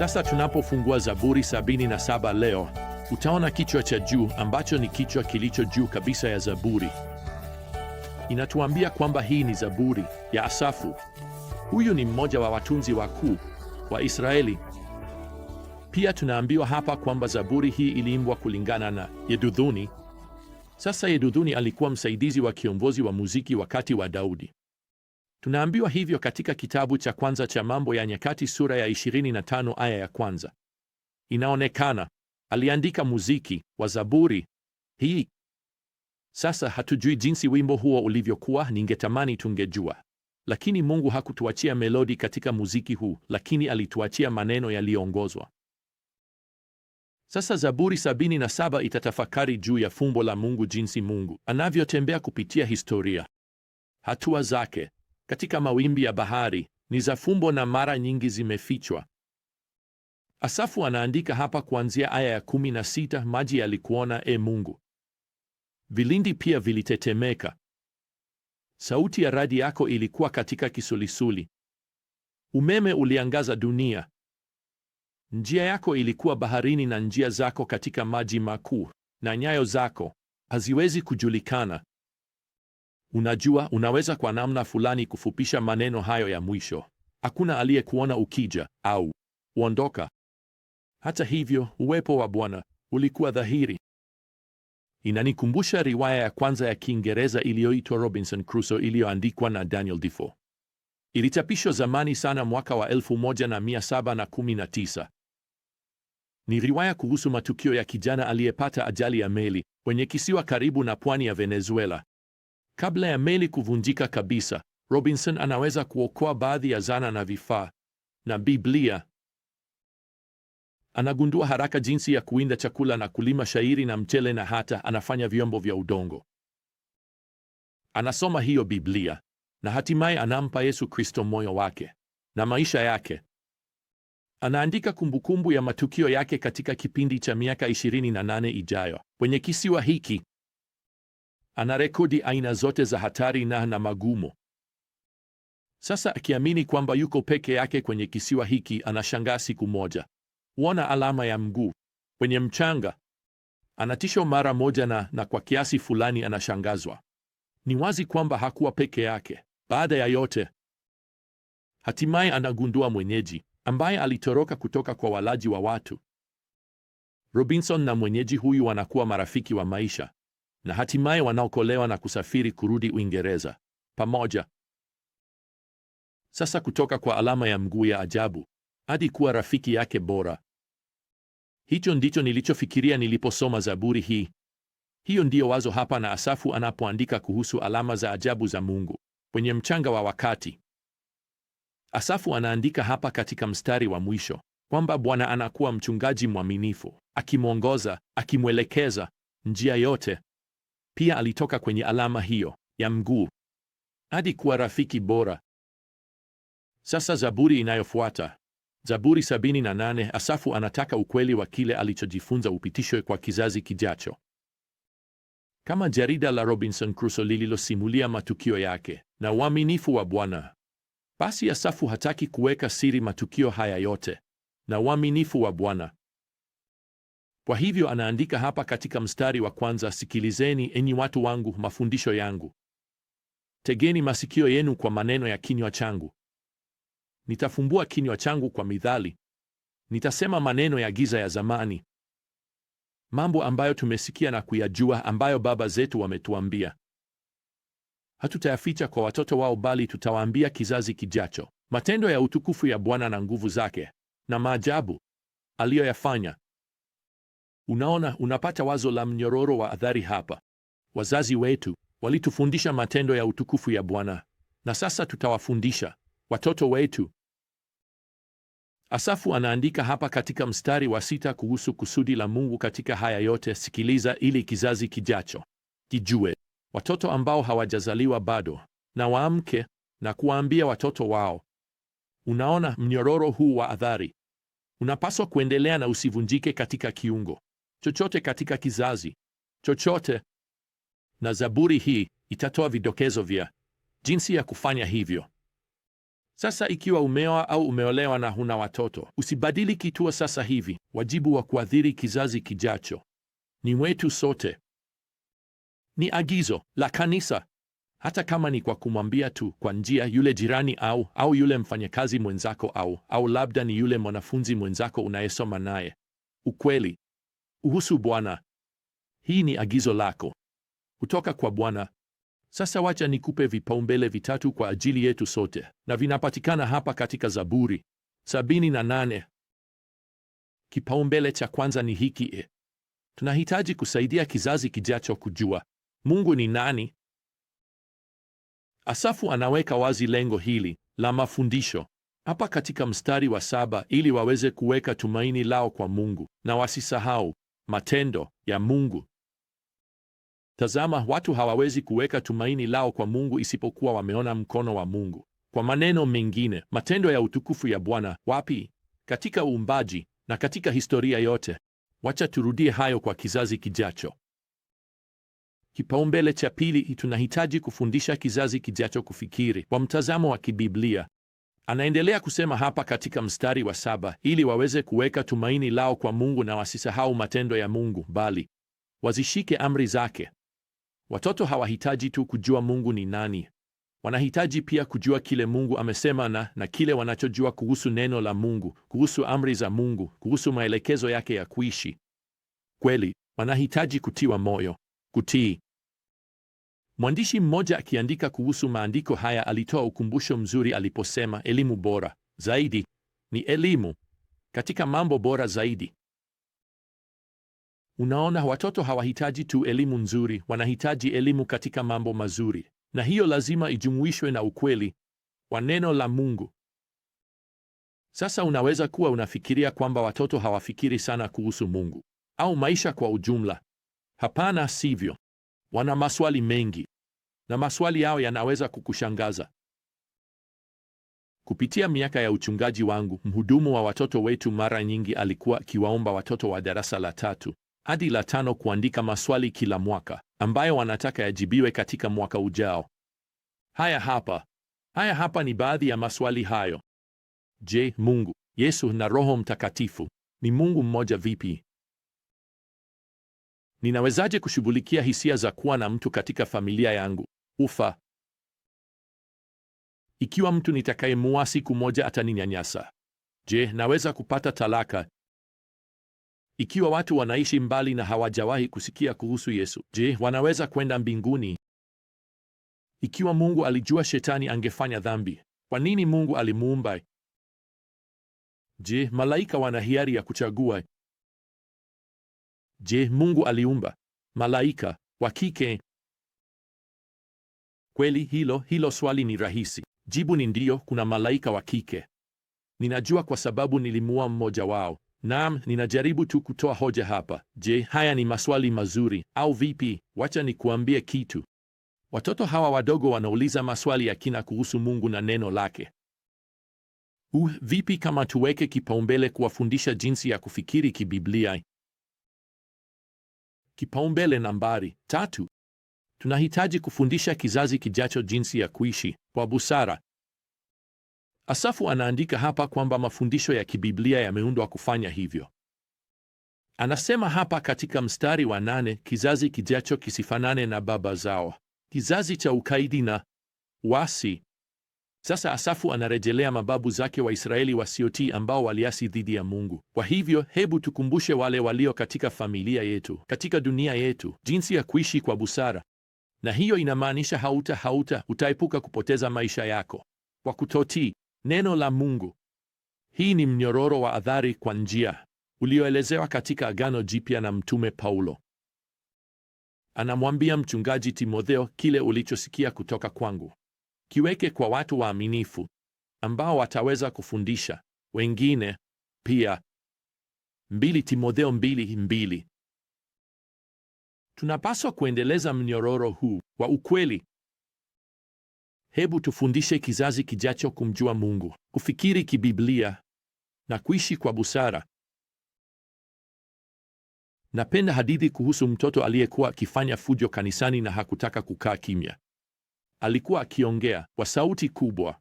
Sasa tunapofungua Zaburi 77 leo, utaona kichwa cha juu ambacho ni kichwa kilicho juu kabisa ya Zaburi. Inatuambia kwamba hii ni Zaburi ya Asafu. Huyu ni mmoja wa watunzi wakuu wa Israeli. Pia tunaambiwa hapa kwamba Zaburi hii iliimbwa kulingana na Yeduthuni. Sasa Yeduthuni alikuwa msaidizi wa kiongozi wa muziki wakati wa Daudi. Tunaambiwa hivyo katika kitabu cha kwanza cha Mambo ya Nyakati sura ya 25 aya ya kwanza. Inaonekana aliandika muziki wa zaburi hii. Sasa hatujui jinsi wimbo huo ulivyokuwa, ningetamani tungejua, lakini Mungu hakutuachia melodi katika muziki huu, lakini alituachia maneno yaliyoongozwa. Sasa Zaburi 77 itatafakari juu ya fumbo la Mungu, jinsi Mungu anavyotembea kupitia historia, hatua zake katika mawimbi ya bahari ni za fumbo na mara nyingi zimefichwa. Asafu anaandika hapa kuanzia aya ya kumi na sita maji yalikuona, e Mungu, vilindi pia vilitetemeka, sauti ya radi yako ilikuwa katika kisulisuli, umeme uliangaza dunia, njia yako ilikuwa baharini na njia zako katika maji makuu, na nyayo zako haziwezi kujulikana. Unajua, unaweza kwa namna fulani kufupisha maneno hayo ya mwisho, hakuna aliyekuona ukija au uondoka. Hata hivyo, uwepo wa Bwana ulikuwa dhahiri. Inanikumbusha riwaya ya kwanza ya Kiingereza iliyoitwa Robinson Crusoe iliyoandikwa na Daniel Defoe. Ilichapishwa zamani sana mwaka wa 1719. Ni riwaya kuhusu matukio ya kijana aliyepata ajali ya meli kwenye kisiwa karibu na pwani ya Venezuela. Kabla ya meli kuvunjika kabisa, Robinson anaweza kuokoa baadhi ya zana na vifaa na Biblia. Anagundua haraka jinsi ya kuinda chakula na kulima shairi na mchele na hata anafanya vyombo vya udongo. Anasoma hiyo Biblia na hatimaye anampa Yesu Kristo moyo wake na maisha yake. Anaandika kumbukumbu ya matukio yake katika kipindi cha miaka 28 ijayo kwenye kisiwa hiki. Anarekodi aina zote za hatari na na magumu. Sasa akiamini kwamba yuko peke yake kwenye kisiwa hiki, anashangaa siku moja huona alama ya mguu kwenye mchanga. Anatishwa mara moja na na kwa kiasi fulani anashangazwa. Ni wazi kwamba hakuwa peke yake. Baada ya yote, hatimaye anagundua mwenyeji ambaye alitoroka kutoka kwa walaji wa watu. Robinson na mwenyeji huyu wanakuwa marafiki wa maisha na hatimaye wanaokolewa na kusafiri kurudi Uingereza pamoja. Sasa kutoka kwa alama ya mguu ya ajabu hadi kuwa rafiki yake bora. Hicho ndicho nilichofikiria niliposoma Zaburi hii. Hiyo ndiyo wazo hapa na Asafu anapoandika kuhusu alama za ajabu za Mungu kwenye mchanga wa wakati. Asafu anaandika hapa katika mstari wa mwisho kwamba Bwana anakuwa mchungaji mwaminifu, akimwongoza, akimwelekeza njia yote. Pia alitoka kwenye alama hiyo ya mguu hadi kuwa rafiki bora. Sasa zaburi inayofuata, Zaburi 78, Asafu anataka ukweli wa kile alichojifunza upitishwe kwa kizazi kijacho. Kama jarida la Robinson Crusoe lililosimulia matukio yake na uaminifu wa Bwana, basi Asafu hataki kuweka siri matukio haya yote na uaminifu wa Bwana. Kwa hivyo anaandika hapa katika mstari wa kwanza, sikilizeni enyi watu wangu mafundisho yangu, tegeni masikio yenu kwa maneno ya kinywa changu. Nitafumbua kinywa changu kwa midhali, nitasema maneno ya giza ya zamani, mambo ambayo tumesikia na kuyajua, ambayo baba zetu wametuambia. Hatutayaficha kwa watoto wao, bali tutawaambia kizazi kijacho matendo ya utukufu ya Bwana na nguvu zake na maajabu aliyoyafanya. Unaona, unapata wazo la mnyororo wa athari hapa. Wazazi wetu walitufundisha matendo ya utukufu ya Bwana na sasa tutawafundisha watoto wetu. Asafu anaandika hapa katika mstari wa sita kuhusu kusudi la Mungu katika haya yote: sikiliza, ili kizazi kijacho kijue, watoto ambao hawajazaliwa bado na waamke na kuwaambia watoto wao. Unaona, mnyororo huu wa athari unapaswa kuendelea na usivunjike katika kiungo chochote katika kizazi chochote, na Zaburi hii itatoa vidokezo vya jinsi ya kufanya hivyo. Sasa, ikiwa umeoa au umeolewa na huna watoto, usibadili kituo sasa hivi. Wajibu wa kuathiri kizazi kijacho ni wetu sote. Ni agizo la kanisa, hata kama ni kwa kumwambia tu kwa njia yule jirani au au yule mfanyakazi mwenzako au au labda ni yule mwanafunzi mwenzako unayesoma naye. Ukweli uhusu Bwana. Hii ni agizo lako kutoka kwa Bwana. Sasa wacha nikupe vipaumbele vitatu kwa ajili yetu sote, na vinapatikana hapa katika Zaburi sabini na nane. Kipaumbele cha kwanza ni hiki e. Tunahitaji kusaidia kizazi kijacho kujua Mungu ni nani. Asafu anaweka wazi lengo hili la mafundisho hapa katika mstari wa saba, ili waweze kuweka tumaini lao kwa Mungu na wasisahau matendo ya Mungu. Tazama, watu hawawezi kuweka tumaini lao kwa Mungu isipokuwa wameona mkono wa Mungu. Kwa maneno mengine, matendo ya utukufu ya Bwana wapi? Katika uumbaji na katika historia yote. Wacha turudie hayo kwa kizazi kijacho. Kipaumbele cha pili, tunahitaji kufundisha kizazi kijacho kufikiri kwa mtazamo wa kibiblia. Anaendelea kusema hapa katika mstari wa saba, ili waweze kuweka tumaini lao kwa Mungu na wasisahau matendo ya Mungu, bali wazishike amri zake. Watoto hawahitaji tu kujua Mungu ni nani, wanahitaji pia kujua kile Mungu amesema na na kile wanachojua kuhusu neno la Mungu, kuhusu amri za Mungu, kuhusu maelekezo yake ya kuishi. Kweli wanahitaji kutiwa moyo, kutii Mwandishi mmoja akiandika kuhusu maandiko haya alitoa ukumbusho mzuri aliposema, elimu bora zaidi ni elimu katika mambo bora zaidi. Unaona, watoto hawahitaji tu elimu nzuri, wanahitaji elimu katika mambo mazuri, na hiyo lazima ijumuishwe na ukweli wa neno la Mungu. Sasa unaweza kuwa unafikiria kwamba watoto hawafikiri sana kuhusu Mungu au maisha kwa ujumla. Hapana, sivyo. Wana maswali mengi na maswali yao yanaweza kukushangaza. Kupitia miaka ya uchungaji wangu, mhudumu wa watoto wetu mara nyingi alikuwa akiwaomba watoto wa darasa la tatu hadi la tano kuandika maswali kila mwaka ambayo wanataka yajibiwe katika mwaka ujao. Haya hapa, haya hapa ni baadhi ya maswali hayo. Je, Mungu, Yesu na Roho Mtakatifu ni Mungu mmoja vipi? Ninawezaje kushughulikia hisia za kuwa na mtu katika familia yangu ufa. Ikiwa mtu nitakayemua siku moja ataninyanyasa, je, naweza kupata talaka? Ikiwa watu wanaishi mbali na hawajawahi kusikia kuhusu Yesu, je, wanaweza kwenda mbinguni? Ikiwa Mungu alijua shetani angefanya dhambi, kwa nini Mungu alimuumba? Je, malaika wana hiari ya kuchagua? Je, Mungu aliumba malaika wa kike Kweli hilo hilo swali ni rahisi. Jibu ni ndio, kuna malaika wa kike. Ninajua kwa sababu nilimuua mmoja wao. Naam, ninajaribu tu kutoa hoja hapa. Je, haya ni maswali mazuri au vipi? Wacha nikuambie kitu. Watoto hawa wadogo wanauliza maswali ya kina kuhusu Mungu na neno lake. Uh, vipi kama tuweke kipaumbele kuwafundisha jinsi ya kufikiri kibiblia? Kipaumbele nambari tatu. Tunahitaji kufundisha kizazi kijacho jinsi ya kuishi kwa busara. Asafu anaandika hapa kwamba mafundisho ya kibiblia yameundwa kufanya hivyo. Anasema hapa katika mstari wa nane, kizazi kijacho kisifanane na baba zao, kizazi cha ukaidi na wasi. Sasa Asafu anarejelea mababu zake Waisraeli wasiotii ambao waliasi dhidi ya Mungu. Kwa hivyo, hebu tukumbushe wale walio katika familia yetu, katika dunia yetu, jinsi ya kuishi kwa busara na hiyo inamaanisha hauta hauta utaepuka kupoteza maisha yako kwa kutotii neno la Mungu. Hii ni mnyororo wa adhari kwa njia ulioelezewa katika Agano Jipya na Mtume Paulo anamwambia mchungaji Timotheo, kile ulichosikia kutoka kwangu kiweke kwa watu waaminifu ambao wataweza kufundisha wengine pia. 2 Timotheo 2:2. Tunapaswa kuendeleza mnyororo huu wa ukweli. Hebu tufundishe kizazi kijacho kumjua Mungu, kufikiri kibiblia na kuishi kwa busara. Napenda hadithi kuhusu mtoto aliyekuwa akifanya fujo kanisani na hakutaka kukaa kimya. Alikuwa akiongea kwa sauti kubwa.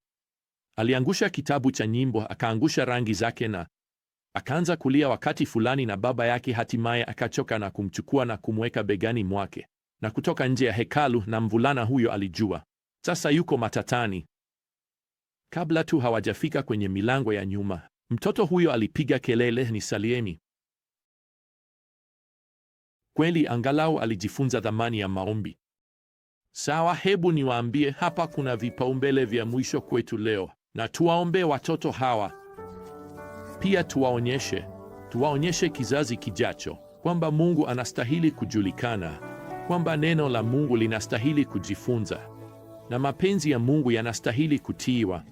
Aliangusha kitabu cha nyimbo, akaangusha rangi zake na akaanza kulia wakati fulani, na baba yake hatimaye akachoka na kumchukua na kumweka begani mwake na kutoka nje ya hekalu, na mvulana huyo alijua sasa yuko matatani. Kabla tu hawajafika kwenye milango ya nyuma, mtoto huyo alipiga kelele, nisalieni. Kweli angalau alijifunza dhamani ya maombi. Sawa, hebu niwaambie hapa, kuna vipaumbele vya mwisho kwetu leo, na tuwaombee watoto hawa pia tuwaonyeshe tuwaonyeshe kizazi kijacho kwamba Mungu anastahili kujulikana, kwamba neno la Mungu linastahili kujifunza na mapenzi ya Mungu yanastahili kutiiwa.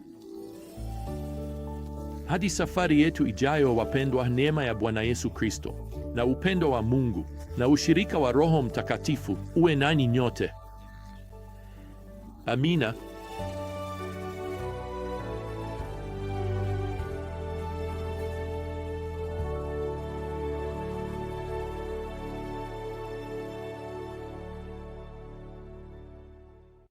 Hadi safari yetu ijayo, wapendwa, neema ya Bwana Yesu Kristo na upendo wa Mungu na ushirika wa Roho Mtakatifu uwe nani nyote. Amina.